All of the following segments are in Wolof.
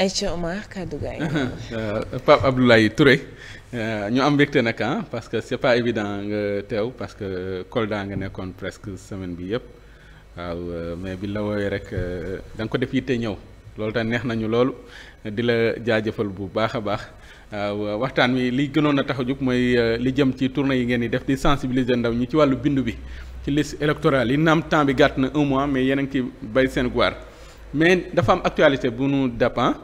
Aïcha Omar kaddu gaay uh-huh. uh, Pape Abdoulaye Touré uh, ñu am mbégte nag ah parce que c'est pas évident nga teew parce que Kolda nga nekkoon presque semaine bi yëpp waaw uh, mais bi la wooyee rek da nga ko def yitte ñëw loolu tam neex nañu loolu di la jaajëfal bu baax a baax waaw waxtaan wi li gënoon a tax a jóg mooy li jëm ci tournée yi ngeen di def di sensibiliser ndaw ñi ci wàllu bindu bi. ci liste électorale yi naam temps bi gàtt na un mois mais yéen a ngi bay seen waar mais dafa am actualité bu nu dappan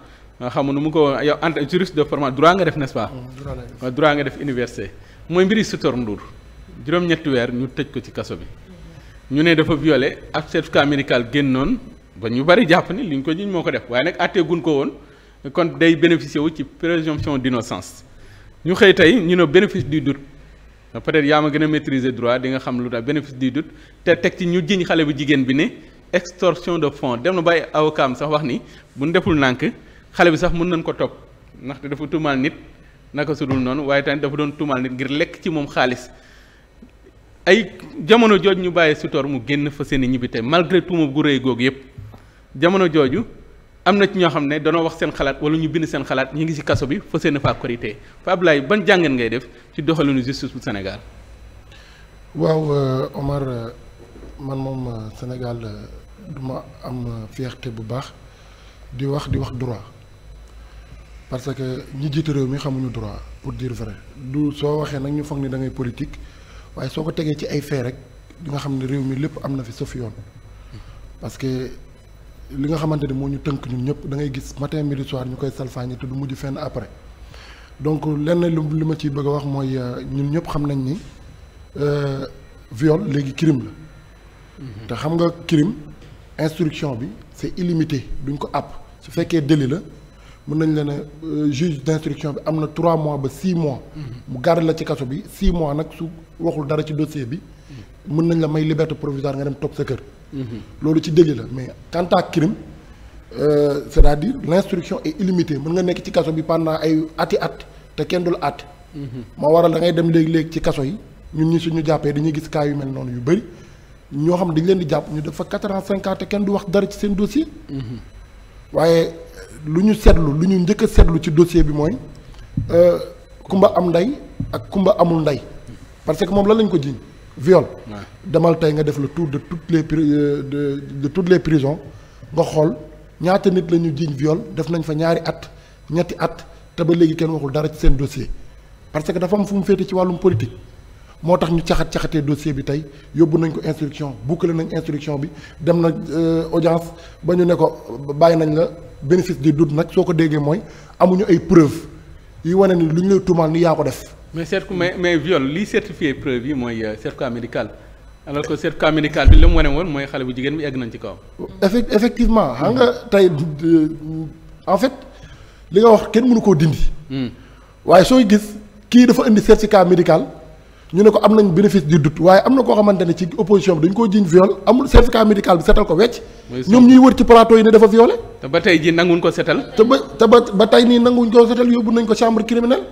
ah. xam nu mu ko yow entre juriste de formation droit nga def n'est-ce mm, droit nga def université. mooy mbiri Sitor Ndour juróom-ñetti weer ñu tëj ko ci kaso bi ñu ne dafa violé ak certificat médical génnoon ba ñu bari jàpp ni li ñu ko jiñ moo ko def waaye nag àttee gun ko woon kon day bénéficier wu ci présomption d'innocence ñu xëy tey ñu ne bénéfice du Euh, peut-être yaa ma gën a maîtriser droit dinga xam lu tax bénéfice di doute te teg ci ñu jiñ xale bu jigéen bi ne extorsion de fonds dem na bàyyi avocat am sax wax ni bu ñu deful nànk xale bi sax mun nañ ko topp ndaxte dafa tuumaal nit naka sudul noonu waaye tamit dafa doon tuumaal nit ngir lekk ci moom xaalis ay jamono jooju ñu bàyyi Sitor mu génn fa seen i ñibbi te malgré tuuma gu rëy googu yëpp jamono jooju. am na ci ñoo xam ne danoo wax seen xalaat wala ñu bind seen xalaat ñu ngi ci kaso bi fa seen faa korité fa Ablaye ban jàngeen ngay def ci doxalinu justice bu Sénégal. waaw euh, Omar euh, man moom euh, Sénégal du ma am fierté bu baax di wax di wax droit parce que ñi jiit réew mi xamuñu droit pour dire vrai du soo waxee nag ñu foog ni da ngay politique waaye soo ko tegee ci ay fait rek di nga xam ne réew mi lépp am na fi sauf yoon parce li nga xamante ni moo ñu tënk ñun ñëpp da ngay gis matin mi soir ñu koy salfaañi te du mujj fenn après donc lenn lu li ma ciy bëgg wax mooy euh, ñun ñëpp xam nañ ni euh, viole léegi crime la. Mhm. te xam nga crime instruction bi c'est illimité duñ ko àpp su fekkee délit la mën nañ la ne euh, juge d'instruction bi am na trois mois ba six mois. Mhm. mu garde la ci kaso bi six mois nag su waxul dara ci dossier bi. mën nañ la may liberté provisoire nga dem toog sa kër. loolu ci délit la mais quant à crime euh, c'est-à-dire l'instruction est illimitée mën nga nekk ci kaso bi pendant ay ati at te kenn dul at. moo waral da ngay dem léegi-léegi ci kaso yi ñun ñi suñu jàppee dañuy gis cas yu mel noonu yu bëri ñoo xam dañ leen di jàpp ñu def fa quatre ans cinq te kenn du wax dara ci seen dossier. waaye lu ñu seetlu lu ñu njëkk a seetlu ci dossier bi mooy euh, kumba am ndey ak kumba amul ndey parce que moom lan lañ ko jiiñ viol demal tey nga def le tout de toutes les euh, de de toutes les prisons nga xool ñaata nit la ñu jiiñ viol def nañ fa ñaari at ñetti at te ba léegi kenn waxul dara ci seen dossier parce que dafa am fu mu féete ci wàllum politique moo tax ñu caxat caxatee dossier bi tey yóbbu nañ ko instruction boucler nañ instruction bi dem na euh, audience ba ñu ne ko bàyyi nañ la bénéfice du doute nag soo ko déggee mooy amuñu ay preuve yi wane ni lu ñu lay tuumaal ni yaa ko def mais certifié mais mais viol liy certifié preuve yi mooy euh, certificat médical alors que certificat médical bi li mu wane woon mooy xale bu jigéen bi egg nañ ci kaw. effect effectivement xam nga tey en fait li nga wax kenn mënu koo dindi. Hmm. waaye sooy gis kii dafa indi certificat médical ñu ne ko am nañ bénéfice du doute waaye am na koo xamante ne ci opposition bi dañ koo jiñ viol amul certificat médical bi setal ko wecc. ñoom ñuy wër ci plateau yi ne dafa violé. te ba tey jii nanguñ ko setal. te ba te ba ba tey nii nanguñ ko setal yóbbu nañ ko chambre criminelle.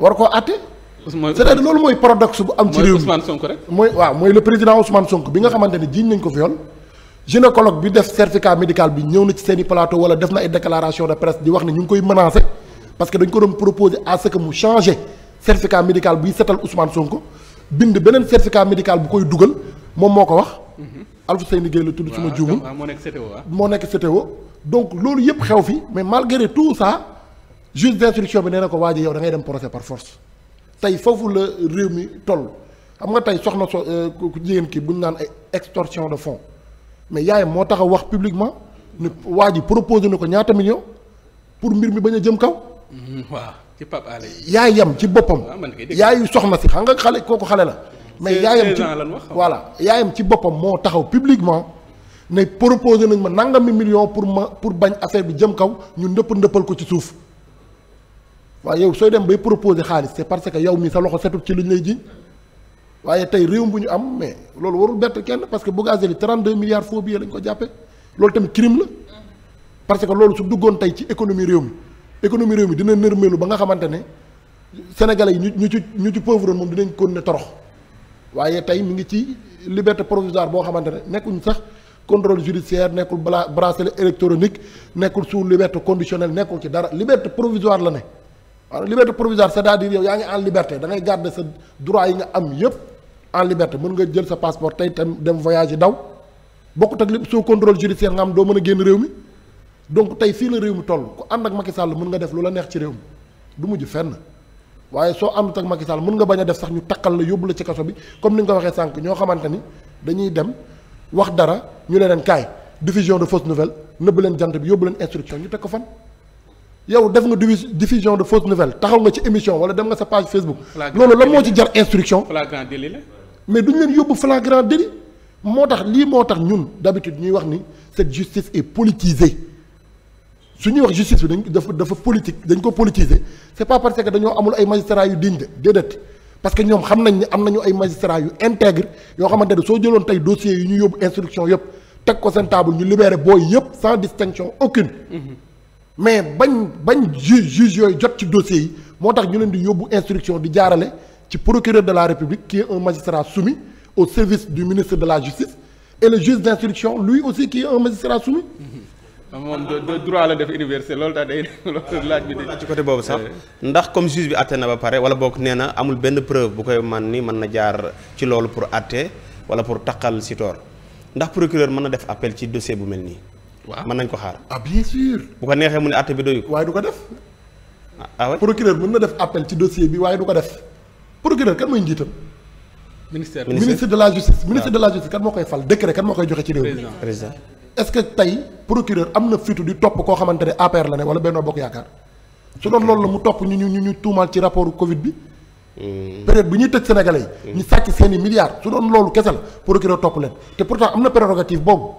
war ko àtte. cest loolu mooy paradoxe bu am. ci réew mi mooy rek. mooy waaw mooy le président Ousmane Sonko bi nga xamante ne jiiñ nañ ko fi yoon gynécologue bi def certificat médical bi ñëw na ci seeni plateau wala def na ay déclaration de presse di wax ne ñu ngi koy menacer parce que dañ ko doon proposer à ce que mu changer certificat médical buy setal Ousmane Sonko bind beneen certificat médical bu koy dugal moom moo ko wax. Mhm. Alfousseyni Gueye la tudd. su ma juumul moo nekk CTO ah. moo nekk CTO donc loolu yëpp xew fi mais malgré tout ça. juge d'instruction bi nee na ko waa ji yow da ngay dem procès par force tey foofu la réew mi toll xam nga tey soxna so euh, ku jigéen ki bu naan ay extortion de fonds mais yaayam moo taxaw wax publiquement ne waa ji proposé na ko ñaata million pour mbir mi bañ a jëm kaw. Mm-hmm. waaw ci Pape Alé. yaayam ci boppam. Ah, yaayu soxna si xam nga xale kooku xale la. mais yaayam ci voilà yaayam ci boppam moo taxaw publiquement ne proposé nañ ma nangami million pour ma pour bañ affaire bi jëm kaw ñu ndëpp ndëppal ko ci suuf. waaye yow sooy dem bay proposer xaalis c'est parce que yow mi sa loxo setul ci li ñu lay jiñ waaye tey réew bu ñu am mais loolu warul bett kenn parce que Bougazelli 32 milliards faux billets lañ ko jàppee loolu tamit crime la parce que loolu su duggoon tey ci économie réew mi économie réew mi dina nërmeelu ba nga xamante ne sénégalais yi ñu ñu ci ñu ci pauvre moom dinañ kon ne torox waaye tey mu ngi ci liberté provisoire boo xamante ne nekkuñ sax contrôle judiciaire nekkul bracelet électronique nekkul sous liberté conditionnelle nekkul ci dara liberté provisoire la ne. waaw liberté provisoire c'est-à-dire yaa ngi en liberté da ngay garder sa droit yi nga am yépp en liberté mën nga jël sa passeport tey tam dem voyage yi daw bokkut ak li sous contrôle judiciaire nga am doo mën a génn réew mi donc tey fii la réew mi toll ku ànd ak Macky Sall mën nga def lu la neex ci réew mi du mujj fenn waaye soo am ak Macky Sall mën nga bañ a def sax ñu takkal la yóbbu la ci kaso bi comme ni nga ko waxee sànq ñoo xamante ni dañuy dem wax dara ñu leen kaay diffusion de fausses nouvelles nëbb leen jant bi yóbbu leen instruction ñu teg ko fan. yow def nga diffusion de fausse nouvelle taxaw nga ci émission wala dem nga sa page Facebook. loolu la moo ci jar instruction. flagrant délit la. mais duñ leen yóbbu flagrant délit moo tax lii moo tax ñun d'habitude ñuy wax ni cette justice su ñuy wax justice bi dañ dafa dafa politique dañ ko politiser c'est pas parce que dañoo amul ay magistrats yu digne de déedéet parce que ñoom xam nañ am nañu ay magistrats yu integre yoo xamante ne soo jëloon tey dossiers yi ñu yóbbu instruction yëpp teg ko seen table ñu libéré booy yëpp sans distinction aucune mm-hmm. mais bañ bañ ju juge yooyu jot ci dossier yi moo tax ñu leen di yóbbu instruction di jaarale ci procureur de la république qui est un magistrat soumis au service du ministre de la justice et le juge d'instruction lui aussi qui est un magistrat soumis. moom de droit la def université loolu daal day laaj bi ci côté boobu sax ndax comme juge bi àtte na ba pare wala boog nee na amul benn preuve bu koy man ni mën na jaar ci loolu pour àtte wala pour taqal si toor ndax procureur mën na def appel ci dossier bu mel nii. waaw mën nañ ko xaar. ah bien sûr. bu ko neexee mu ne àtte bi doyu ko. waaye du ko def. ah, ah procureur mën na def appel ci dossier bi waaye du ko def procureur kan mooy njiitam. ministère ministre de la justice. Ah. ministre de la justice kan moo koy fal décret kan moo koy joxe ci réew mi. président est-ce que tey procureur am na fitu di topp koo xamante ne APR la ne wala Benno Bokk Yaakaar su doon loolu la mu topp ñu ñu ñu tuumaal ci rapport Covid bi. Hmm. période bu ñuy tëj sénégalais hmm. ñu sàcc seen i milliards su doon kese la procureur topp leen te pourtant am na prérogative boobu.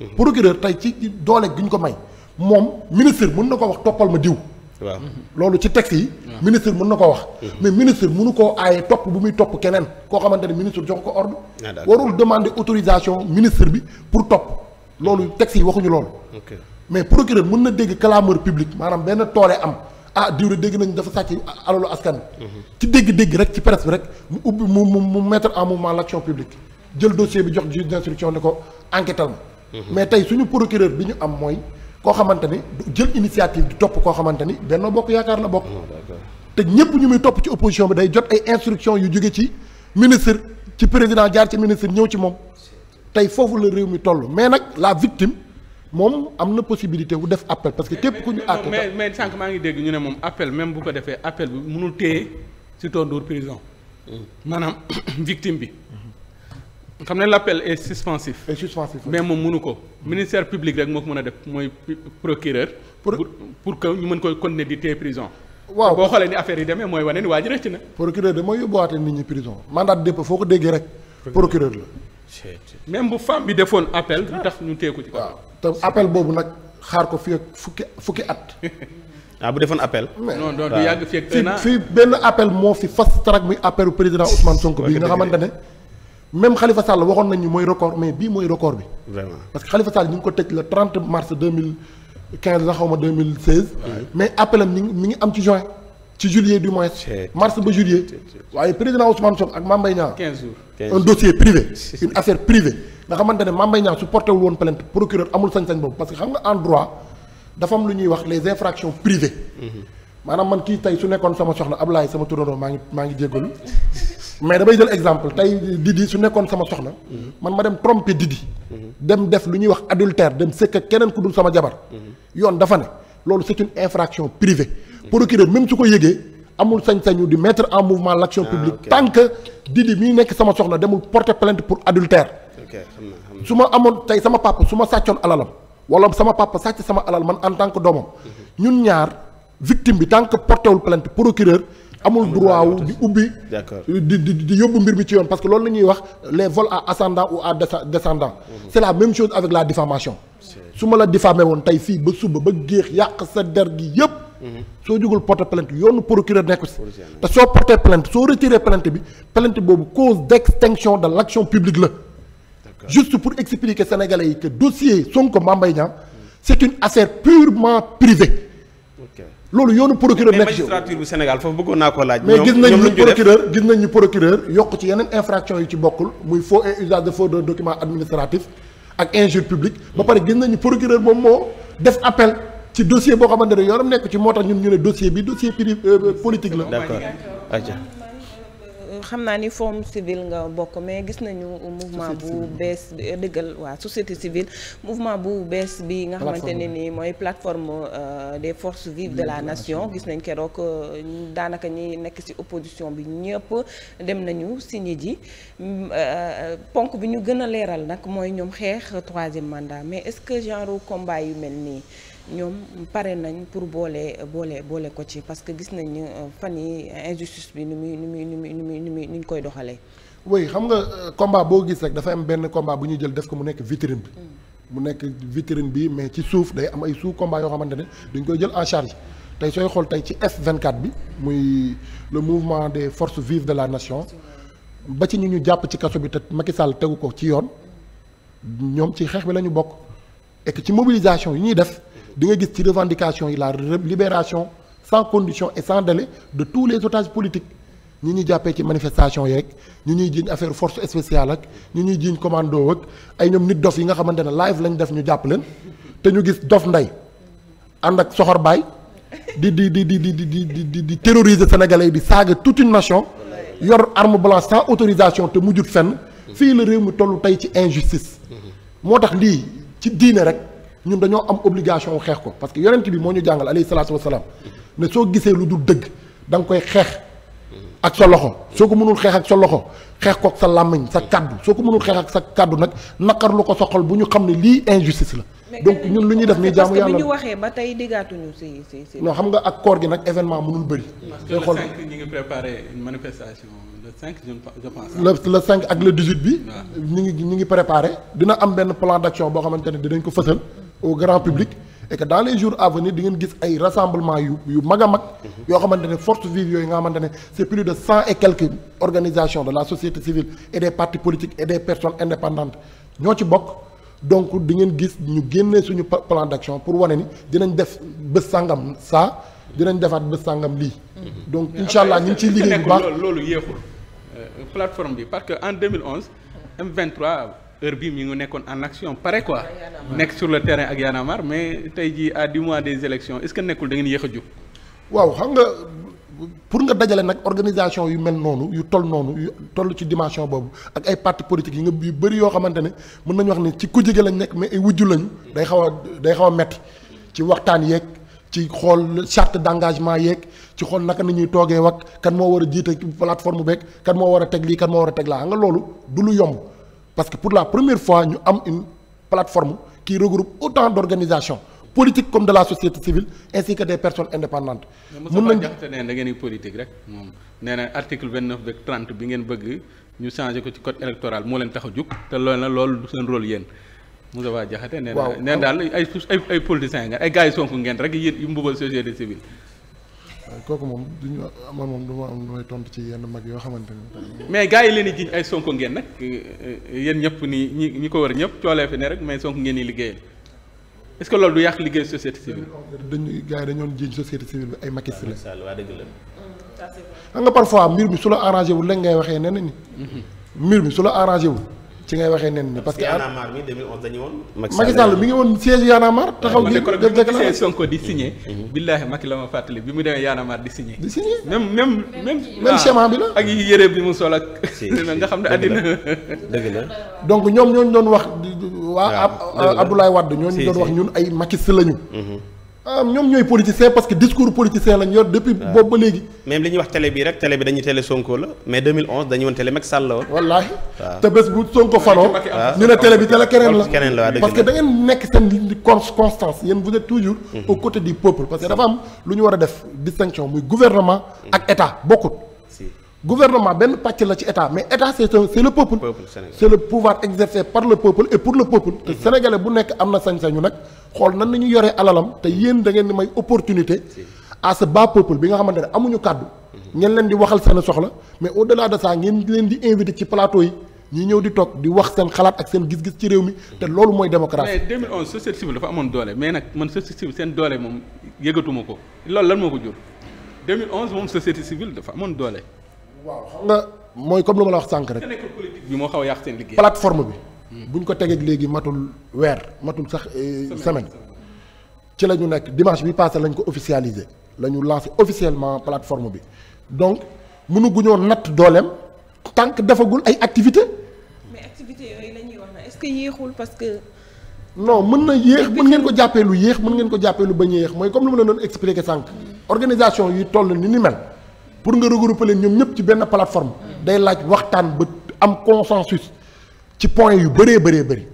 Mhm. procureur tey ci doole gi ñu ko may moom ministre mun na ko wax toppal ma diw. loolu ci texte yi. ministre mën na ko wax. Mhm. mais ministre munu koo aaye topp bu muy topp keneen koo xamante ne ministre jox ko ordre. Ah, warul demander autorisation ministre bi pour topp loolu texte yi waxuñu loolu. mais procureur mun na dégg clameur publique maanaam benn toole am ah diw dégg nañ dafa sàcc alalu askan mhm. ci dégg-dégg rek ci presse bi rek mu ubbi mu mu mu mettre en mouvement l' action publique jël dossier bi jox juge d' instruction ne ko enquêtal ma. Mhm. mais tey suñu procureur bi ñu am mooy koo xamante ni jël initiative di topp koo xamante ni Benno Bokk Yaakaar la bokk. Ah, te ñëpp ñu muy topp ci opposition bi day jot ay instructions yu jóge ci ministre ci président jaar ci ministre ñëw ci moom tey foofu la réew mi toll mais nag la victime. moom am na possibilité wu def appel parce que képp ku ñu. àtte mais mais sànq maa ngi dégg ñu ne moom appel même bu ko defee appel bi mënul téye ci tondoor prison. Mm. maanaam victime bi. xam ne l'appel est suspensif. est suspensif mais moom mënu ko. ministère public rek moo ko mën a def mooy procureur. pour pour que ñu mën ko kon continuer di téye prison. waaw boo xoolee ni affaire yi demee mooy wane ni waa a rëcc na. procureur de mooy yóbbuwaate nit ñi prison mandat de foo ko déggee rek. procureur la. même bu femme bi defoon appel lu tax ñu téye ko ci. waaw te appel boobu nag xaar ko fi ak fukki fukki at. ah bu defoon appel. non non du yàgg benn appel moo fi fast track muy appelu président Ousmane Sonko xamante ne. même Khalifa Sall waxoon nañu mooy record mais bii mooy record bi. vraiment parce que Khalifa Sall ñu ngi ko tëj le 30 mars 2015 la xaw ma 2016. mais appelam ngi mi ngi am ci juin. mars ba juillet. waaye président Ousmane Sonko ak Mame Mbaye Niang. 15 jours un dossier privé. une affaire privée nga xamante ne Mame Mbaye Niang su porté woon plainte procureur amul sañ-sañ boobu parce que xam nga en dafa am lu ñuy wax les infractions privées. Mhm. maanaam man kii tey su nekkoon sama soxla soxna Ablaye sama turandoo maa ngi maa ngi jéggalu mais damay jël exemple tey Didi su nekkoon sama soxna. man ma dem tromper Didi. dem def lu ñuy wax adultère dem sëkk keneen ku dul sama jabar. yoon dafa ne loolu c'est une infraction privée. procureur même su ko yëgee amul sañ-sañu di mettre en mouvement l'action ah, publique tant que Didi mii nekk sama soxna demul porter plainte pour adultère. su ma amoon tey sama papa su ma sàccoon alalam wala sama papa sàcc sama alal man en tant que doomam. Mhm. ñun ñaar victime bi tant que portewul plainte procureur. amul droit wu di ubbi. di di di yóbbu mbir mi ci yoon parce que loolu na ñuy wax les vols à ascendant ou à descendant. Mmh. c' la même chose avec la diffamation su ma la diffamé woon tey fii ba suba ba géex yàq sa der gi yëpp. Mmh. soo jugul porté plainte yoonu procureur nekku si te soo porté plainte soo retiré plainte bi plainte boobu cause d' de l' action publique la. juste pour expliquer Sénégalais yi que dossier Sonko Mame Mbaye Niang c' est une affaire purement loolu yoonu procureur nekk ci magistrature bu Sénégal foofu bëggoon naa ko laaj. mais gis nañ ñu procureur gis nañ ñu procureur yokk ci yeneen infraction yu ci bokkul muy faux et usage de faux de document administratif ak injure publique ba pare gis nañu procureur moom moo def appel ci dossier boo xamante ne yoonam nekk ci moo tax ñun ñu ne dossier bi dossier privé euh, politique la. xam naa ni forme civile nga bokk mais gis nañu mouvement bu bees dëggal waa société civile mouvement bu bees bi nga xamante ne ni mooy plateforme euh, des force vives de la nation gis nañ keroog euh, daanaka ñi nekk ci opposition bi ñëpp dem nañu signé ji euh, ponk bi ñu gën a leeral nag mooy ñoom xeex troisième mandat mais est-ce que genre combat yu mel nii ñoom pare nañ pour boole boole boole ko ci parce que gis nañ euh, fan yi injustice bi ni muy ni muy ni muy ni muy ni muy ni ñu koy doxalee. oui xam nga euh, combat boo gis rek dafa am benn combat bu ñuy jël def ko mu nekk vitrine bi. Mm. mu nekk vitrine bi mais ci suuf day am ay sous combat yoo xamante ne dañ koy jël en charge tey sooy xool tey ci F24 bi muy le mouvement des force vives de la nation ba ci ñu ñu jàpp ci kaso bi te Macky Sall tegu ko ci yoon ñoom ci xeex bi lañu bokk et ci mobilisation yi ñuy def. di nga gis ci revendication yi la libération sans condition et sans délai de tous les otages politiques ñi ñuy jàppee ci manifestation yeeg ñu ñuy jiiñ affaire force spéciale ak ñu ñuy jiiñ commando ak ay ñoom nit dof yi nga xamante ne live lañ def ñu jàpp leen te ñu gis dof ndey ànd ak soxor baay di di di di di di di di terroriser sénégalais yi di saaga tout une nation yor arme blanche sans autorisation te mu mujjut fenn fii la réew mi toll tey ci injustice moo tax lii ci diine rek ñun dañoo am obligation xeex ko parce que yonent bi moo ñu jàngal alayhi salaatu wasalaam ne soo gisee lu dul dëgg danga koy xeex ak sa loxo soo ko mënul xeex ak sa loxo xeex kook sa làmmiñ sa kàddu soo ko mënul xeex ak sa kàddu nag naqar lu ko soxal bu ñu xam ne lii injustice la donc ñun lu ñuy def nii jaamu yàlla parce que waxee ba tey diggaatuñu si si si. xam nga ak koor gi nag événement mënul bëri. day xool parce que le 5 le 5 le le 5 ak le 18 bi. ñu ngi ñu ngi préparé dina am benn plan d' boo xamante ne dinañ ko fësal. au grand public et que dans les jours à venir ngeen gis ay rassemblement yu yu mag a mag yoo xamante ne force vive yooyu nga xamante ne c'est plus de cent et quelques organisations de la société civile et des partis politiques et des personnes indépendantes ñoo ci bokk donc di ngeen gis ñu génnee suñu plan d'action pour wane ni dinañ def bés sàngam saa dinañ defaat bés sàngam lii mhm. donc incha allah ñu ngi ciy liggéey baax loolu yéexul euh, plateforme bi parce que en 2011 M23 heure bi mi ngi nekkoon en action pare quoi nekk sur le terrain ak yaanamar mais tey jii à dix mois des élections est-ce que nekkul da ngeen yéex a jug waaw xam nga pour nga dajale nag organisation yu mel noonu yu toll noonu yu toll ci dimension boobu ak ay parti politique yi nga yu bëri yoo xamante ne mën nañu wax ne ci ku jege lañ nekk mais ay wujju lañu day xaw a day xaw a metti ci waxtaan yeeg ci xool charte d'engagement yeeg ci xool naka ni ñuy toogee wak kan moo war a jiite plateforme beeg kan moo war a lii kan moo war a teg laa nga loolu du lu yomb parce que pour la première fois ñu am une plateforme qui regroupe autant d'organisations politiques comme de la société civile ainsi que des personnes indépendantes. mun nañu jaxte ne da ngeen di politique rek moom nee na article vingt neuf beeg trente bi ngeen bëgg ñu changé ko ci code électoral moo leen tax a te loolu na loolu du seen rôle yéen. Moussa Ba Diakhaté nee na nee daal ay ay politiciens ngeen ay gars yi ngeen rek yéen yu société civile Euh, kooku moom du ñu man moom du ma am lu may tontu ci yenn mag yoo xamante ni. mais gars yi leen di giñ ay sonk ngeen nag euh, euh, yéen ñëpp nii ñi ñi ko war ñëpp coolee fi ne rek mais sonko ngeen di liggéeyal est-ce que loolu du yàq liggéey société civile. dañuy gars yi dañoon jiiñ société civile bi ay makis la. Mm, xam nga parfois mbir mi su la arrangé wul léegi ngay waxee nee ni mm-hmm. mbir mi su la arrangé wul. ci ngay waxee nen ni parce que Y'en a marre mi 2011 dañu woon ngi woon siège Y'en a taxaw gi di mm-hmm. signé mm-hmm. billaahi Macky la ma fàttali bi mu demee Y'en a marre di signé di signé même même même même bi la ak yére bi mu sol ak nga xam ne àddina dëgg la donc ñoom ñooñu doon wax waa Abdoulaye Wade ñooñu doon wax ñun ay Macky lañu mm-hmm. ah ñoom ñooy politicien parce que discours politicien lañ yor depuis ah. boobu ba léegi même li ñuy wax télé bi rek télé bi dañuy télé Sonko la mais dañu woon télé Macky Sall la woon wallaahi ah. te bés bu Sonko ah, faloo ñu ne télé bi télé la keneen la parce que da nekk seen constance yéen vous êtes toujours mhm. au côté du peuple parce que dafa am lu ñu war a def distinction muy gouvernement mhm. ak état bokkut gouvernement benn pàcc la ci état mais état c'est c'est le peuple. peuple c'est le pouvoir exercé par le peuple et pour le peuple. te mhm. sénégalais bu nekk am na sañ-sañu nag xool nan la ñu yoree alalam te yéen da ngeen di may opportunité. à ce bas peuple bi nga xamante ne amuñu kàddu. Mhm. ngeen leen di waxal seen soxla mais au delà de ça ngeen leen di invité ci plateau yi ñi ñëw di toog di wax seen xalaat ak seen gis-gis ci réew mi te mhm. loolu mooy démocratie. mais 2011 société civile dafa amoon doole mais nag man société civile seen doole moom yëgatuma ko loolu lan moo ko jur 2011 moom société civile amoon doole. waaw xam nga mooy comme lu ma la wax sànq rek. politique moo xaw a yàq seen liggéey. plateforme bi. bu ñu ko tegeeg léegi matul weer matul sax euh, semaine. ci la ñu nekk dimanche bi passé lañ ko officialisé la ñu lancé officiellement plateforme bi donc mënu guñoo natt dooleem tant que defagul ay activité na est-ce que yéexul parce que. non mën na yéex mën ngeen ko jàppee lu yéex mën ngeen ko jàppee lu bañ a yéex mooy comme lu ma la doon expliqué sànq. organisation yi toll ni ni mel. pour nga regrouper leen ñoom ñëpp ci benn plateforme day laaj waxtaan ba am consensus ci point yu bëree bëree bëri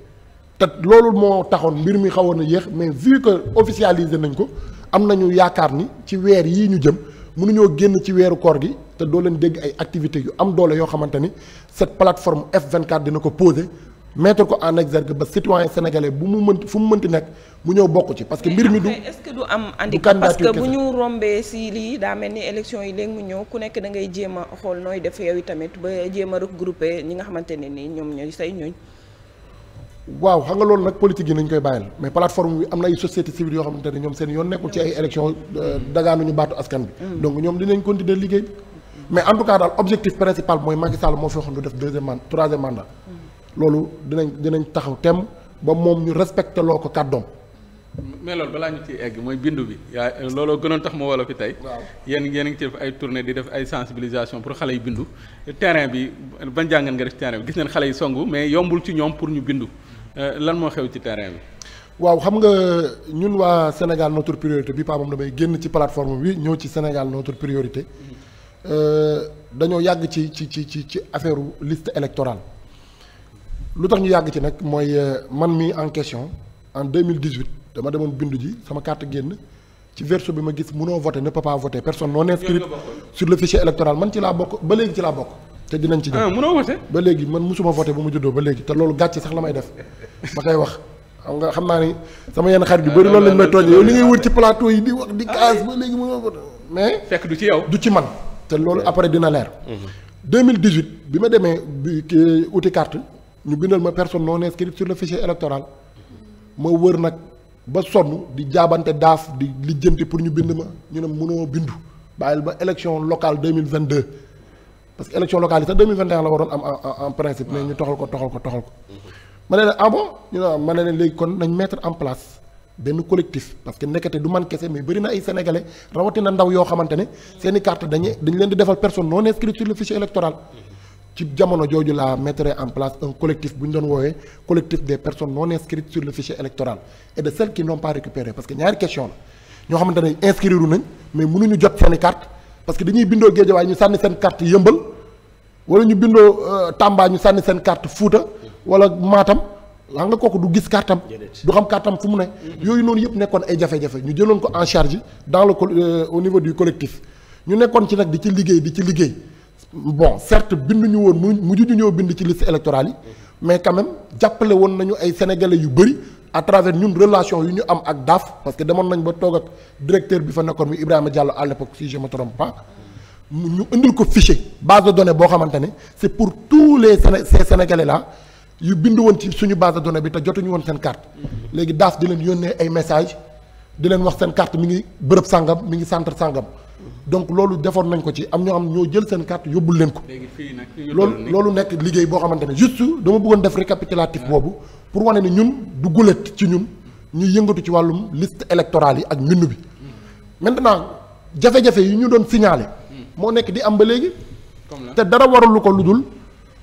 te loolu moo taxoon mbir mi xawoon na yéex mais vu que officialisé nañ ko am nañu yaakaar ni ci weer yii ñu jëm nu mënuñoo génn ci weeru koor gi te doo leen dégg ay activités yu am doole yoo xamante ni cette plateforme F24 dina ko poser mettre ko en exergue ba citoyen sénégalais bu mu mënti fu mu mënti nekk mu ñëw bokk ci parce que mbir mi du est-ce am handicap parce que bu ñu rombee si lii daa mel ni élection yi léegi mu ñëw ku nekk da ngay jéem a xool nooy def yow tamit ba jéem a regroupé ñi nga xamante ne nii ñoom ñooy say ñooñ waaw xam nga loolu nag politique yi nañ koy bàyyil mais plateforme bi am na ay société civile yoo xamante ne ñoom seen yoon nekkul ci ay élection euh, dagaanuñu baatu askan bi mm. ñoom dinañ continuer liggéey mais en tout cas daal objectif principal mooy Macky Sall moo fi loolu dinañ dinañ taxaw tem ba moom ñu respecté loo ko kàddoom. mais loolu balaa ñu ci egg mooy bindu bi yaa looloo gënoon tax ma wala fi tey. waaw yéen yéen a ngi ci def ay tournée di def ay sensibilisation pour xale yi bindu terrain bi ban jàngat nga def terrain xale yi songu mais yombul ci ñoom pour ñu bindu euh, lan moo xew ci terrain bi. waaw xam nga ñun waa Sénégal notre priorité bi paa moom damay génn ci plateforme bi ñëw ci Sénégal notre priorité mhm. euh, dañoo yàgg ci ci ci ci ci affaire liste électorale. lu tax ñu yàgg ci nag mooy euh, man mi en question en mille 2018 dama demoon bindu ji sama carte génn ci verso bi ma gis munoo voter ne peut pas voter personne non inscrite sur le fichier électoral man ci laa bokk ba léegi ci laa bokk te dinañ ci ah, ñëw mënoo voter ba léegi man musuma voter bu ma juddoo ba léegi te loolu gàcce sax la may def ma koy wax xam nga xam naa ni sama yenn xarit yu bëri loolu lañ may tooñee yow li ngay wër ci plateau yi di wax di kaas ba léegi mënoo voter mais fekk du ci yow du ci man te loolu mhm. bi ma demee bi uti carte ñu bindal ma personne non inscrite sur le fichier électoral ma wër nag ba sonn di jaabante daaf di lijjanti pour ñu bind ma ñu ne mënoo bindu bàyyil ba élection locale 2022 parce que élection locale yi sax 2021 la waroon am en en principe mais ñu toxal ko toxal ko toxal ko ma ne leen ah bon ñu ne ma ne leen léegi kon nañ mettre en place benn collectif parce que nekkate du man kese mais bëri na ay sénégalais rawatina ndaw yoo xamante ne seen i carte dañu leen di defal personne non inscrite sur le fichier électoral ci jamono jooju laa mettre en place un collectif bu ñu doon woowee collectif des personnes non inscrites sur le fichier électoral et de celles qui n'ont pas récupéré parce que ñaari question la ñoo xamante ne inscrire nañ mais mënuñu jot seeni carte parce que dañuy bindoo Géejawaay ñu sànni seen carte yëmbal wala ñu bindoo euh, Tamba ñu sànni seen carte Fuuta wala maatam xam nga kooku du gis kartam du xam kartam fu mu ne mm-hmm. yooyu noonu yëpp nekkoon ay jafe ñu jëloon ko en charge dans le euh, au niveau du collectif ñu nekkoon ci di ci liggéey di ci liggéey bon certes binduñu woon mujjuñu ñoo bind ci liste électorale yi mais quand même jàppale woon nañu ay sénégalais yu bëri à travers ñun relation yu ñu am ak DAF parce que demoon nañ ba toog ak directeur bi fa nekkoon mi Ibrahima Diallo à l'époque si je me trompe pas ñu indil ko fichier base de données boo xamante ne c'est pour tous les ces sénégalais là yu bind woon ci suñu base de données bi te jotuñu woon seen carte léegi DAF di leen yónnee ay message di leen wax seen carte mi ngi bërëb sàngam mi ngi centre sàngam donc loolu defoon nañ ko ci am ñoo xam ñoo jël seen carte yóbbul leen ko. léegi fii nag loolu loolu nekk liggéey boo xamante ne juste dama bëggoon def récapitulatif boobu pour wane ne ñun du gulet ci ñun ñuy yëngatu ci wàllum list électorale yi ak mbindu bi. maintenant jafe-jafe yi ñu doon signalé. moo nekk di am ba léegi. te dara waralu ko lu dul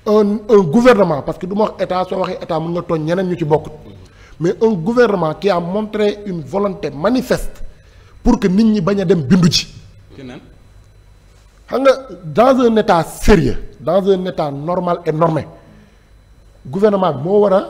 un un gouvernement parce que du ma wax état soo waxee état mën nga tooñ ñeneen ñu ci bokkut. mais un gouvernement qui a montré une volonté manifeste pour que nit ñi bañ a dem bindu ji. xam nga dans un état sérieux dans un état normal et normé gouvernement bi moo war a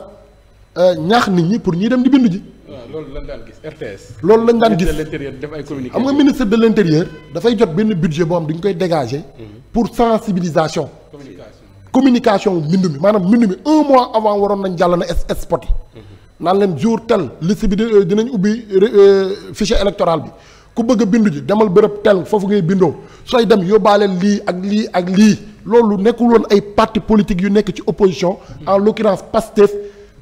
euh, ñaax nit ñi pour ñuy dem di bindu ji. loolu lañ daan gis RTS. loolu lañ daan gis def ay communiqué xam nga ministre de l' intérieur dafay jot benn budget boo xam dañ koy dégager. Mhm. pour sensibilisation. communication communication mbindu mi maanaam mbindu mi un moins avant waroon nañ jàll na es spot yi. Mhm. leen jour tel liste bi euh, dinañ ubbi euh, fichier électoral bi. ku bëgg a bindu ji demal bërëb tel foofu ngay bindoo sooy dem yóbbaale lii ak lii ak lii loolu nekkul woon ay parti politique yu nekk ci opposition en l'occurrence Pastef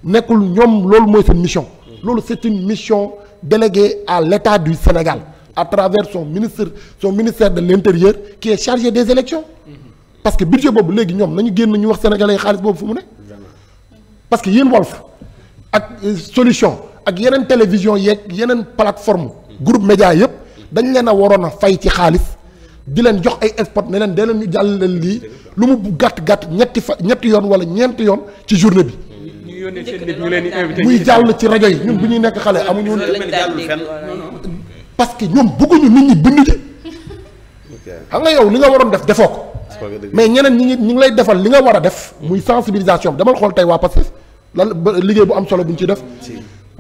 nekkul ñoom loolu mooy seen mission loolu c'est une mission déléguée à l'État du Sénégal à travers son ministre son ministère de l'Intérieur qui est chargé des élections parce que budget boobu léegi ñoom nañu génn ñu wax sénégalais xaalis boobu fu mu ne parce que yéen Walf ak euh, solution ak yeneen télévision yeeg yeneen plateforme groupe média yëpp dañ leen a waroon a fay ci xaalis di leen jox ay spot ne leen dee leen jàll jàllale lii lu mu gàtt gàtt ñetti fa ñetti yoon wala ñeenti yoon ci journée bi. muy jàll ci rajo yi ñun bu ñuy nekk xale amuñu woon parce que ñoom bëgguñu nit ñi bind ci xam nga yow li nga waroon def defoo ko mais ñeneen ñi ngi ñi ngi lay defal li nga war a def muy sensibilisation bi demal xool tey waa Pastef lan liggéey bu am solo bu ñu ciy def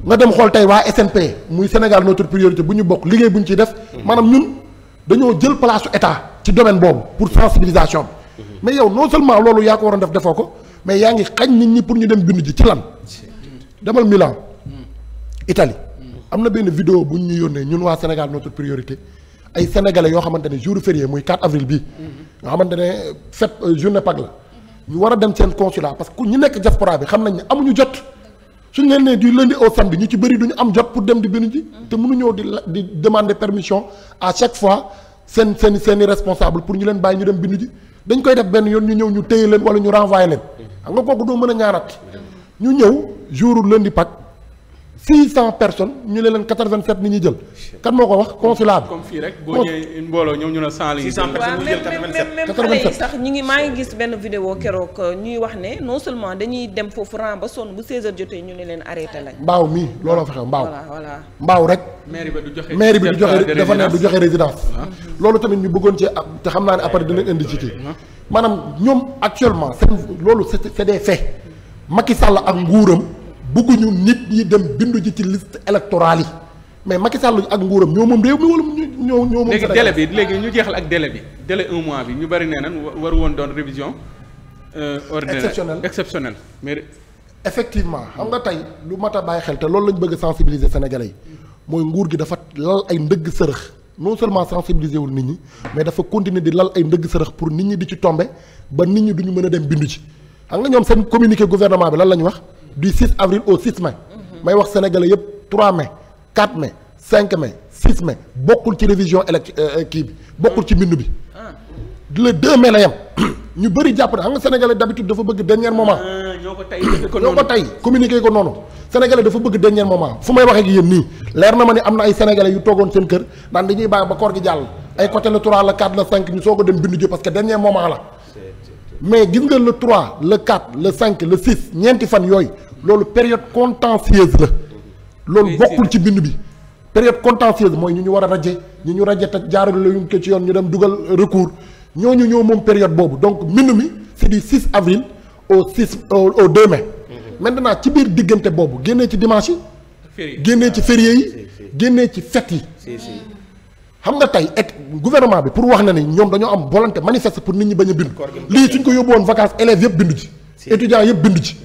nga dem xool tey waa SNP muy Sénégal notre priorité bu ñu bokk liggéey bu ñu ciy def. maanaam ñun dañoo jël place su état ci domaine boobu pour sensibilisation bi. mais yow non seulement loolu yaa ko waroon def defoo ko mais yaa ngi xañ nit ñi pour ñu dem bind ji ci lan. demal Milan. Italie. am na benn vidéo bu ñu yónnee ñun waa Sénégal notre priorité ay sénégalais yoo xamante ne jour férié muy 4 avril bi nga xamante ne fête euh, journée Pâques la. ñu war a dem seen consulat parce que ñu nekk diaspora bi xam nañ ne amuñu jot. suñ leen nee du lundi au samedi ñu ci bëri duñu am jot pour dem di bindu ji te mënuñoo di di demander permission à chaque fois seen seen seeni responsable pour ñu leen bàyyi ñu dem bindu ji dañ koy def benn yoon ñu ñëw ñu téye leen wala ñu renvoyer leen mm-hmm. xam nga kooku doo mën a ñaanaat ñu ñëw jour di Pâques 600 personnes ñu ne leen 87 ni ñuy jël. kan moo ko wax consulat bi. comme fii ñu ne maa ngi gis benn vidéo keroog euh, ñuy wax ne non seulement dañuy dem foofu ren ba sonn bu 16h jotee ñu ne leen arrêté lañ. mbaaw mii looloo fexe mbaaw. voilà mbaaw rek. mairie bi du joxe mairie bi du joxe dafa ne du joxe résidence. Mmh. loolu tamit ñu bëggoon cee am te xam naa ne après dinañ indi ci kii. maanaam ñoom actuellement seen loolu c'est des faits Macky Sall ak nguuram bëgguñu nit yi dem bindu ji ci list électorale yi mais Macky Sall ak nguuram ñoo moom réew mi wala ñoo ñoo moom. léegi délai bi léegi ñu ak délai bi délai un mois bi ñu bari nee nañ war woon doon révision. Euh, ordinaire exceptionnelle mais. effectivement xam nga tey lu mat a bàyyi xel te loolu lañ bëgg sensibiliser sénégalais mooy nguur gi dafa lal ay ndëgg sërëx non seulement sensibiliser wul nit ñi mais dafa continuer di lal ay ndëgg sërëx pour nit ñi di ci tombe ba nit ñi duñu mën a dem bindu ci xam nga ñoom seen communiqué gouvernement bi lan la ñu wax du 6 avril au 6 mai. may wax sénégalais yëpp 3 mai 4 mai 5 mai 6 mai bokkul ci révision élect euh, kii bi bokkul ci bind bi. le 2 mai la yem ñu bëri jàpp na xam nga sénégalais d'habitude dafa bëgg dernier moment. Ah, ñoo ko tey ñoo ko tey communiqué ko noonu. sénégalais fu may waxee ak yéen nii leer na ma ni am na ay sénégalais yu toogoon seen kër naan dañuy bàyyi ba koor gi jàll ay côté le 3 le 4 le 5 ñu soog a dem bindu ji parce que dernier moment la. mais gis nga le 3 le 4 le cinq le 6 ñeenti fan yooy loolu période contentieuse la loolu bokkul ci bind bi période contentieuse mooy ñu ñu war a raje ñu ñu raje te jaarale yuñ ko ci yoon ñu dem dugal recours ñu ñëw moom période boobu donc mbind mi c'est du 6 avril au 6 au 2 mai mhm. maintenant ci biir diggante boobu génnee ci dimanche yi génnee ci férié yi génnee ci fête yi xam nga tey et gouvernement bi pour wax na ni ñoom dañoo am volonté manifeste pour nit ñi bañ a bind lii suñ ko yóbbu woon vacances élèves yëpp bindu ji étudiants yëpp bindu ji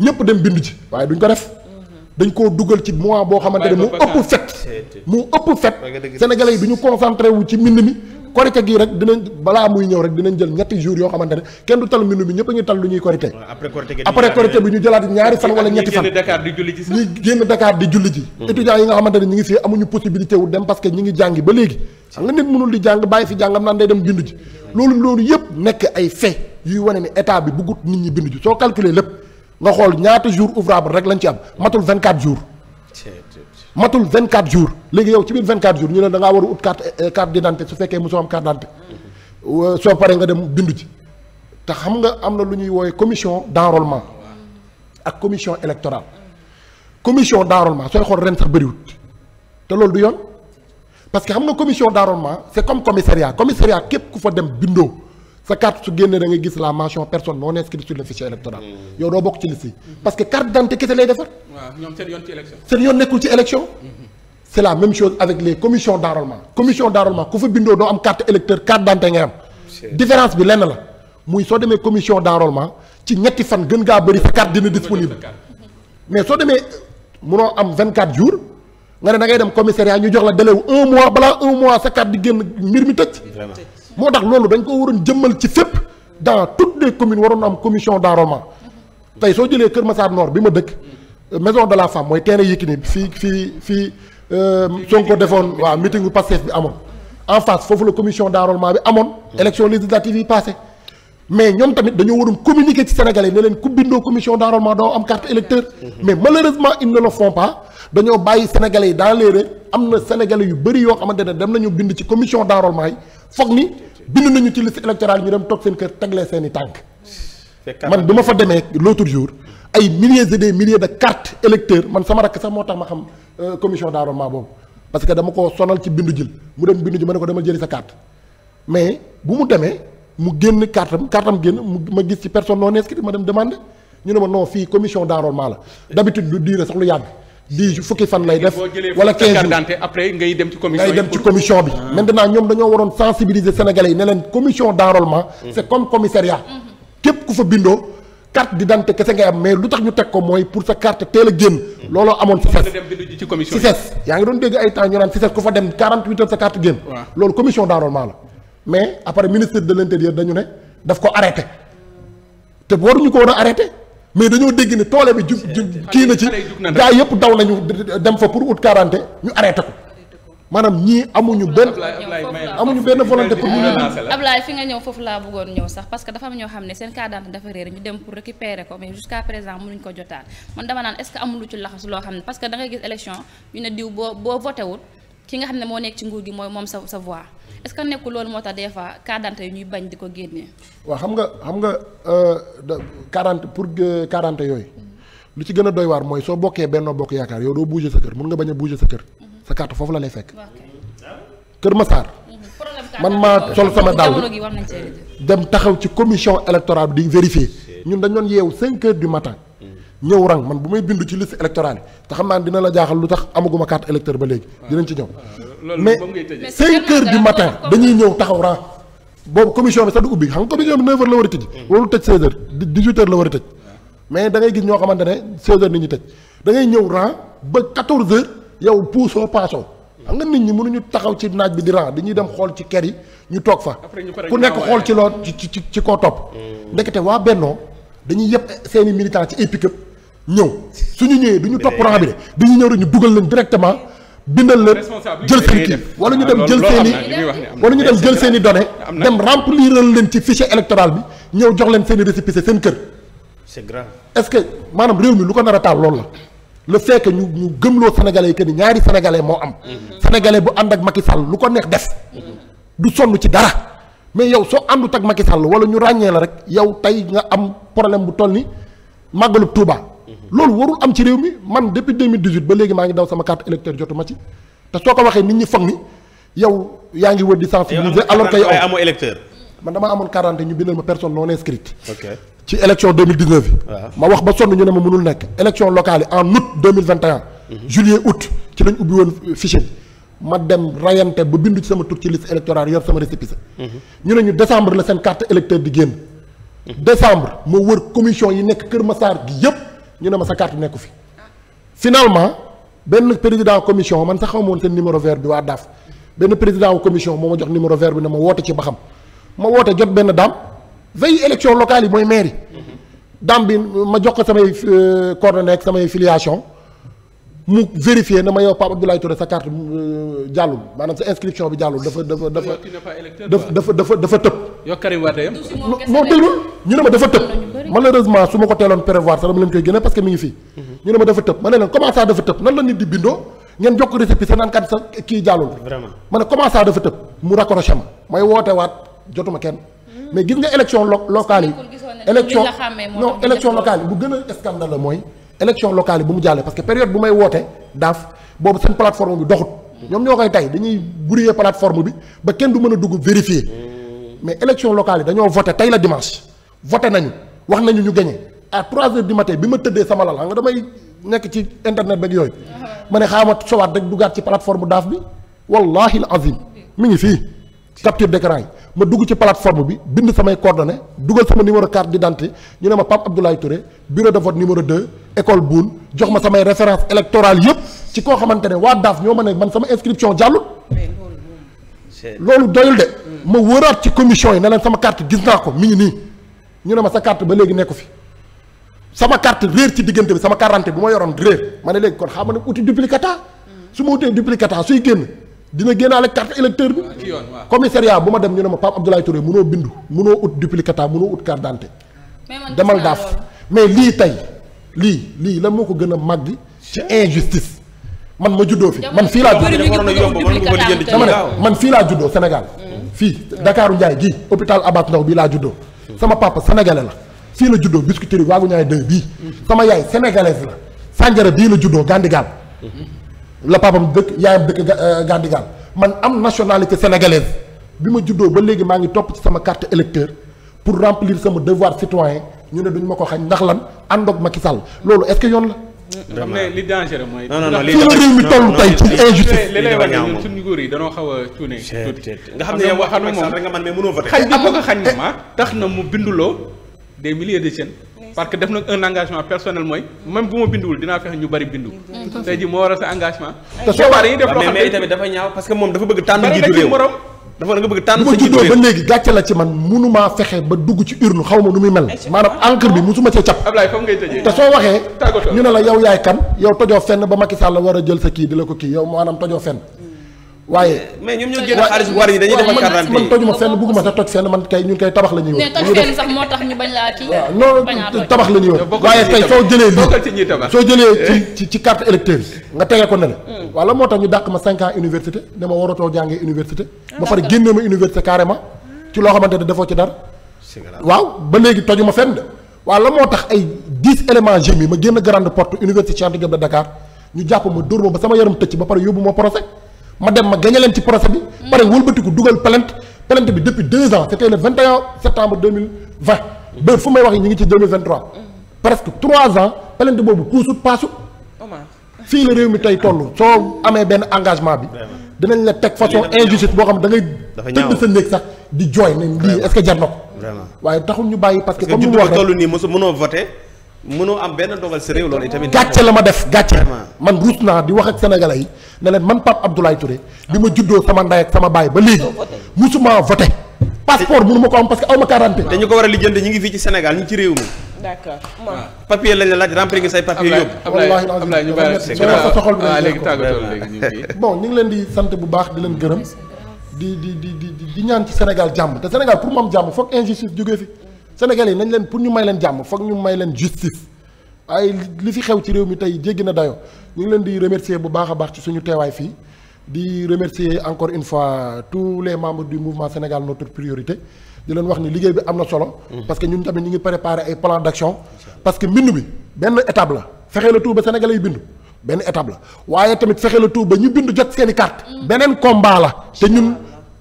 ñëpp dem bindu ji waaye duñ ko def mhm. dañ koo dugal ci mois boo xamante ne mu ëpp fet mu ëpp fet sénégalais yi du ñu concentré wu ci mbind mi korite gii rek dinañ balaa muy ñëw rek dinañ jël ñetti jours yoo xamante ne kenn du tal mbindu bi ñëpp a tal lu ñuy korite après korite bi ñu jëlaat ñaari fan wala ñetti fan ñi génn Dakar di julli ji hmm. étudiants yi nga xamante ne ñi ngi fii amuñu possibilité dem parce ñi ngi jàngi ba léegi nga nit mënul di jàng bàyyi fi jàngam naan day dem bindu ji loolu loolu yëpp nekk ay fait yuy wane ni état bi bëggut nit ñi bindu ji soo calculer lépp nga xool ñaata jour ouvrable rek lañ ci am matul matul 24 jours léegi yow ci biir 24 jours ñu ne da war a ut carte euh, carte d'identité su fekkee mosoo am carte d'identité euh, soo paree nga dem bindu ci te xam nga am na lu ñuy wooye commission d'enrôlement ak commission électorale commission d'enrôlement sooy xool ren sax bëriwut te loolu du yoon parce que xam nga commission d'enrôlement c'est comme commissariat commissariat képp ku fa dem bindoo sa carte su génnee da ngay gis la mention personne non inscrite sur le fichier électoral. Mm. yow doo bokk ci liste yi. parce que carte d'identité kese lay defar. seen yoon nekkul ci élection. Mm-hmm. c' la même chose avec les commissions d' commission d' ku fa bindoo doo am carte électeur carte d' ngay am. différence bi lenn la muy soo demee commission d' enrôlement ci ñetti fan gën ngaa bëri sa carte dina disponible. mais soo demee munoo am 24 jours ne da ngay dem commissariat jox la délai wu un mois balaa un mois sa moo tax loolu dañ ko waroon jëmmal ci fépp dans toutes les communes waroon am commission d'enrôlement tey soo jëlee Kër Massar noor bi ma dëkk maison de la femme mooy terrain Yékini fii fii fii euh, Sonko defoon waa meeting bu Pastef bi amoon en face foofu la commission d'enrôlement bi amoon hmm. élection législative yi passé mais ñoom tamit dañoo waroon communiqué ci sénégalais ne leen ku bindoo commission d'enrôlement doo am carte électeur hmm. mais malheureusement ils ne yi dans les am na sénégalais yu bëri yoo xamante ne dem nañu bind ci commission d'enrôlement yi foog ni bind nañu ci liste électorale ñu dem toog seen kër tegle seen i tànk man bi ma fa demee l'autre jour ay milliers et des milliers de cartes électeurs man sama rakk sax moo tax ma xam euh, commission d'enrôlement boobu parce que dama ko sonal ci bindu jël mu dem bindu ji ma ne ko demal jëli sa carte mais bu mu demee mu génn cartam cartam génn mu ma gis ci personne non inscrite ma dem demande ñu ne ma non fii commission d'enrôlement la d'habitude lu diire sax lu yàgg dix jours fukki fan lay def. wala quinze jours après ngay dem ci commission ngay dem ci commission bi. Ah. maintenant ñoom dañoo waroon sensibiliser sénégalais yi ne leen commission d'enrôlement. Mm-hmm. c'est comme commissariat. Mm-hmm. képp ku fa bindoo. carte d'identité kese ngay am mais lu tax ñu teg ko mooy pour sa carte teel a génn. Mm-hmm. looloo amoon CICES. CICES yaa ngi doon dégg ay temps ñu naan CICES ku fa dem 48 heures sa carte génn. loolu commission d'enrôlement la. mais après ministre de l'intérieur dañu ne daf ko arrêté arrêté. mais dañoo dégg ne toole bi ju kii na ci gaa yëpp daw nañu dem fa pour août quarante ñu arrêté ko maanaam ñii amuñu benn amuñu benn volonté pour ñu Ablaye fi nga ñëw foofu laa bëggoon ñëw sax parce que dafa am ñoo xam ne seen carte d'identité dafa réer ñu dem pour récupérer ko mais jusqu'à présent mënuñ ko jotaat man dama naan est ce ci laxas loo xam ne parce que da ngay gis élection ñu ne diw boo boo voté ki nga xam ne moo nekk ci nguur gi mooy moom sa est-ce que nekkul loolu moo tax des fois carte d'identité ñuy bañ di ko génnee. waaw xam nga xam nga euh, quarante pour euh, quarante yooyu. Mm-hmm. lu ci gën a doy waar mooy soo bokkee Benno Bokk Yaakaar yow doo bouger sa kër mun nga bañ a bouger sa kër. Mm-hmm. sa carte foofu la lay fekk. Kër Massar. Mm-hmm. man maa sol sama dàll dem taxaw ci commission électorale di vérifier ñun dañ doon yeewu cinq heures du matin. ñëw rang man bu may bindu ci liste électorale te xam naa dina la jaaxal lu tax amaguma carte électeur ba léegi ah. dinañ ci ñëw. mais cinq heures du matin dañuy ñëw taxaw rang boobu commission bi sax du ubbi xam nga commission bi neuf heures la war a tëj mm. warul tëj seize heures la war a tëj mais da ngay gis ñoo xamante ne seize heures nit ñi tëj dangay ñëw ran ba quatorze heures yow puusoo paasoo xam nga nit ñi mënuñu taxaw ci naaj bi di rang dañuy dem xool ci ker yi ñu toog fa ku nekk xool ci lool ci ci ci koo topp mm. ndekete waa bennoo dañuy yëpp seeni militant ci ay pick ñëw suñu ñëwee du ñu topp eh. rang bi de dañuy ñu dugal leen directement bindal la jël seen kii wala ñu dem ah, jël seen i wala ñu dem jël seen i données dem rempliral leen ci fichier électoral bi ñëw jox leen seen i récépissé seen kër. c'est grave est-ce que maanaam réew mi lu ko nara a taal loolu la. le fait que ñu ñu gëmloo sénégalais yi kër ni ñaari sénégalais moo am. Mm-hmm. sénégalais bu ànd ak Macky Sall lu ko neex def. Mm-hmm. du sonn ci dara. mais yow soo àndut ak Macky Sall wala ñu ràññee la rek yow tey nga am problème bu toll ni màggalu tuubaa loolu warul am ci réew mi man depuis 2018 ba léegi maa ngi daw sama carte électeur jotuma ci te soo ko waxee nit ñi foog ni yow yaa ngi wër di sensibiliser alors que yow ma bi ma wax ba sonn ñu ne ma mënul nekk élection locale yi en août 2021 mhm. juillet ci lañ ubbi woon fichier ma dem rayante ba bindu sama tur ci liste électorale yor sama récépissé mhm. ñu ne ñu décembre la seen carte électeur di génn mhm. décembre ma wër commission yi nekk Kër Massar gi ñu ne ma sa carte nekku fi finalement benn président commission man sax xaw ma woon seen numéro vert bi waa DAF benn président commission moo ma jox numéro vert bi na ma woote ci ba xam ma woote jot benn daam veille élection locale yi mooy mairie daam bi ma jox ko samay euh, coordonnées ak samay filiation mu vérifié na ma yow Pape Abdoulaye Touré sa carte euh, jàllul maanaam sa inscription bi jàllul dafa dafa dafa dafa dafa dafa tëb. yow Karim Wade yam. non dafa tëb. malheureusement su ma ko teeloon prévoir sax dama leen koy génne parce que mi ngi fii mhm. ñu ne ma dafa tëb ma ne leen comment ça dafa tëb nan la nit di bindoo ngeen jokk récépissé naan kat sa kii jàllul ma ne comment dafa tëb mu raccroché ma mooy woote waat jotuma kenn mhm. mais gis nga élection lo locale yi élection locale yi bu gën a mooy élection locale bu mu jàllee parce que période bu may woote daaf boobu seen plateforme bi doxut mhm. ñoom ñoo koy tey dañuy brouiller plateforme bi b kenn du mën a dugg vérifier mais élection locale yi dañoo voté tey la dimanche voté wax nañu ñu gagné à 3 heures di matin bi ma tëddee sama lal xam nga damay nekk ci internet beeg yooyu ma ne xaaral ma sowaat rek duggaat ci plateforme daaf bi wallahi al azim mi ngi fii capture d'écran ma dugg ci plateforme bi bind samay coordonnées dugal sama numéro carte d'identité ñu ne ma Pape Abdoulaye Touré bureau de vote numéro de école Boune jox ma samay référence électorale yëpp ci koo xamante ne waa daaf ñoo ma ne man sama inscription jàllut loolu doyul de ma wëraat ci commission yi ne leen sama carte gis naa ko mi ngi nii ñu ne ma sa carte ba léegi nekku fi sama carte réer ci diggante bi sama quarante bu ma yoroon réer ma ne léegi kon xam nga ne uti duplicata su ma utee duplicata suy génn dina génnaale carte électeur bi commissariat bu ma dem ñu ne ma Pape Abdoulaye Touré mënoo bindu mënoo ut duplicata mënoo ut carte d'identité demal daaf mais lii tey lii lii lan moo ko gën a mag màgg ci injustice man ma juddoo fi man fii laa juddoo dama ne man fii laa juddoo Sénégal mm. fii Dakaaru Njaay gii hôpital Abass Ndao laa juddoo sama papa sénégalais la fii la juddoo biscuiterie waagu ñaay deux bii sama yaay sénégalaise la sànjara bii la juddoo Gandigal la papam dëkk yaayam dëkk euh, Gandigal man am nationalité sénégalaise bi ma juddoo ba léegi maa ngi topp ci sama carte électeur pour remplir sama devoir citoyen ñu ne duñ ma ko xaj ndax lan àndoog Macky Sall loolu est-ce que yoon la xam ne li dangereux mooy. non non non li réew mi toll tey ci injustice. li lay wax ñun suñu góor yi danoo xaw a cuune tuuti. nga xam ne yow waxanu moom rek nga man mais mënoo voté. xañ ma tax na mu binduloo des milliers de jeunes. parce que def na un engagement personnel mooy même bu ma binduwul dinaa fexe ñu bari bindu. Mm-hmm. tey ji moo war sa engagement. soo war yi def loo xam ne tamit dafa ñaaw parce moom dafa bëgg tànn jiitu réew dafa nga bëgg tànn sa juddoo ba léegi gàcce la ci man munumaa fexe ba dugg ci urne xaw ma nu muy mel maanaam encre bi mu cee cap Ablaye foofu ngay tëjee te soo waxee ñu ne la yow yaay kan yow tojoo fenn ba Macky Sall war a jël sa kii di la ko kii yow maanaam tojoo fenn waaye eh, mais ñoom ñoo génn xaalis war yi dañuy defar carte man tojuma fenn bugguma sax toj fenn man kay ñun kay tabax la ñuy wër. toj fenn sax moo tax ñu bañ laa kii. non tabax la ñuy waaye tey soo jëlee lii soo jëlee ci ci carte électeur yi nga tegee ko ne la. Hmm. wala moo tax ñu dàq ma 5 ans université ne ma waratoo jàngee université. Ah, ba pare génnee ma université carrément. ci loo xamante ne defoo ci dara. waaw ba léegi tojuma fenn de. waaw la moo tax ay 10 éléments gémi ma génn grande porte université Cheikh Anta Diop de ma dóor sama yaram tëcc ba pare yóbbu ma procès ma dem ma gagné leen ci procès bi. Mm. pare wëlbatiku dugal plainte plainte bi depuis deux ans c' était le 21 septembre 2020. Mm. ba fu may wax ñu ngi ci 2023. Mm. presque trois ans plainte boobu puusut paasut. fii la réew mi tey toll soo amee benn engagement bi. dinañ la teg façon injustice boo xam da ngay. tëdd sa néeg sax di jooy ne lii est ce que jar na ko. waaye taxul ñu bàyyi parce que. comme ni mu wax nii voté mënoo am benn dogal si réew loolu tamit. gàcce la ma def gàcce. man ruus naa di wax ak sénégalais yi ne leen man Pape Abdoulaye Touré. bi ma juddoo sama ndey ak sama baay ba léegi. musuma voté. passeport mënu ma ko am parce que aw ma quarante. te ko war a lijjanti ñu ngi fii ci Sénégal ñu ci réew mi. d'accord papier lañ la laaj remplir nga say papier yóbbu. ñu bàyyi sa soxol bi léegi tàggatoo léegi ñu bon ñu ngi leen di sant bu baax di leen gërëm di di di di ñaan ci Sénégal jàmm te Sénégal pour mu am jàmm foog injustice jógee fi sénégal yi nañ leen pour ñu may leen jàmm foog ñu may leen justice waaye li fi xew ci réew mi tey jéggi na dayo ñu ngi leen di remercier bu baax a baax ci suñu teewaay fii di remercier encore une fois tous les membres du mouvement Sénégal notre priorité di leen wax ni liggéey bi am na solo. Mhm. parce que ñun tamit ñu ngi préparer ay plan d'action. parce que mbind bi benn étape la fexe la tout ba sénégalais yi bindu benn étape la waaye tamit fexee la tout ba ñu bind jot seen i mhm. beneen combat la te ñun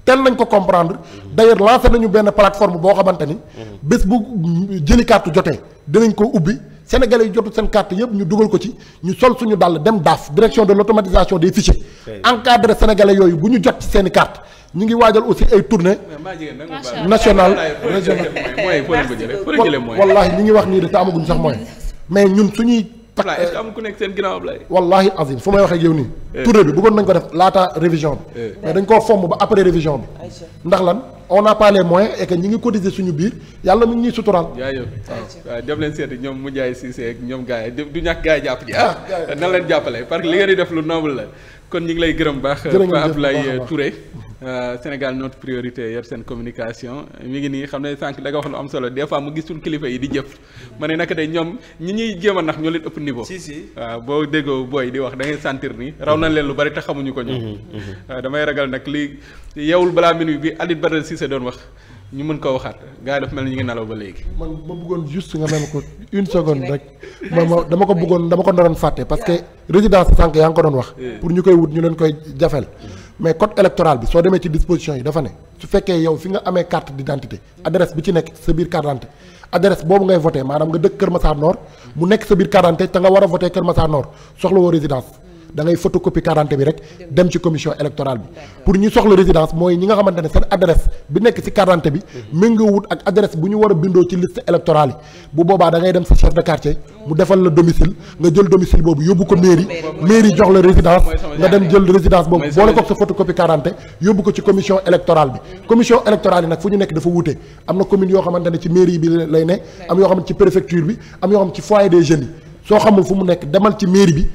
teel nañ ko comprendre d'ailleurs lancé nañu benn plateforme boo xamante ni. Mhm. bés bu jëli carte jotee dinañ ko ubbi sénégalais yi jotu seen carte yëpp ñu dugal ko ci ñu sol suñu dàll dem DAF direction de l'automatisation des fichiers. encadré sénégalais yooyu bu ñu jot ci seen i ñu ngi waajal aussi ay tournée nationale régionale wallaahi ñi ngi wax nii de te amaguñ sax mooy mais ñun suñuy. Ablaye est-ce seen ginnaaw Ablaye. wallaahi azim fu may waxee ak yow nii. Eh. tournée bi bëggoon nañ ko def laata révision bi. Eh. mais dañ koo fomm ba après révision bi. ndax lan on a pas les moyens et que ñi ngi cotiser suñu biir yàlla mu ngi ñuy suturaal. jaajëf waaw waaw dem leen seeti ñoom Moundiaye Cissé ak ñoom gars du ñàkk gars jàpp ji ah. leen jàppale parce que li ngeen di def lu noble la kon ñu ngi lay gërëm baax Pa Abdoulaye Touré euh, Sénégal notre priorité yor seen communication mi ngi nii xam ne sànq da wax lu am solo des fois mu gisul kilifa yi di jëf ma ne naka de ñoom ñi ñuy jéem a nax ñoo leen ëpp niveau si si boo déggoo booy di wax da ngay sentir ni raw nañ leen lu bari te xamuñu ko ñoom mm-hmm, mm-hmm. Euh, damay ragal nag li yeewul balaa minuit bi Alit Badara Cissé doon wax ñu mën koo waxaat gars yi dafa mel ni ñu ngi nalaw ba léegi. man ma bëggoon juste nga mel ko une seconde rek. man ma dama ko bëggoon dama ko naroon fàtte parce que résidence sànq yaa ngi ko doon wax. pour ñu koy wut ñu leen koy jafel mm. mais code électoral bi soo demee ci disposition yi dafa ne su fekkee yow fi nga amee carte d'identité adresse bi ci nekk sa biir carte d'identité boobu ngay voté maanaam nga dëkk Kër Massar Nord. mu nekk sa biir carte d'identité te a voté Kër Massar soxla woo résidence. dangay ngay photocopie quarante bi rek dem ci commission électorale bi pour ñu soxla résidence mooy ñi nga xamante ne seen adresse bi nekk ci quarante bi méngoowut ak adresse bu ñu war a bindoo ci liste électorale yi bu boobaa da ngay dem sa chef de quartier mu defal la domicile nga jël domicile boobu yóbbu ko mairie mairie jox la résidence nga dem jël résidence boobu boole ko sa photocopie quarante yóbbu ko ci commission électorale bi commission électorale yi am ne ci mairie bi lay ne am am mu nekk demal ci mairie bi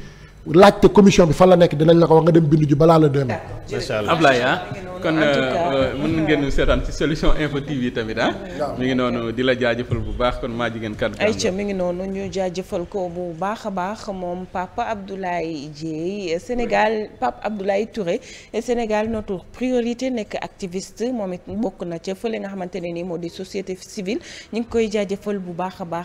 laajte commission bi fan la nekk dinañ la ko wax nga dem bindu ji balaa la demee. macha allah Ablaye ah kon euh, euh, mën ngeen seetaan ci solution info tamit ah. mi ngi noonu di la jaajëfal bu baax kon maa jigéen kaddu. ayca mi ngi noonu ñu jaajëfal ko bu baax a baax moom Papa Abdoulaye Dieye Sénégal Papa Abdoulaye Touré Sénégal notre priorité nekk activiste moom it bokk na ca fële nga xamante ne nii moo di société civile ñu ngi koy jaajëfal bu baax a baax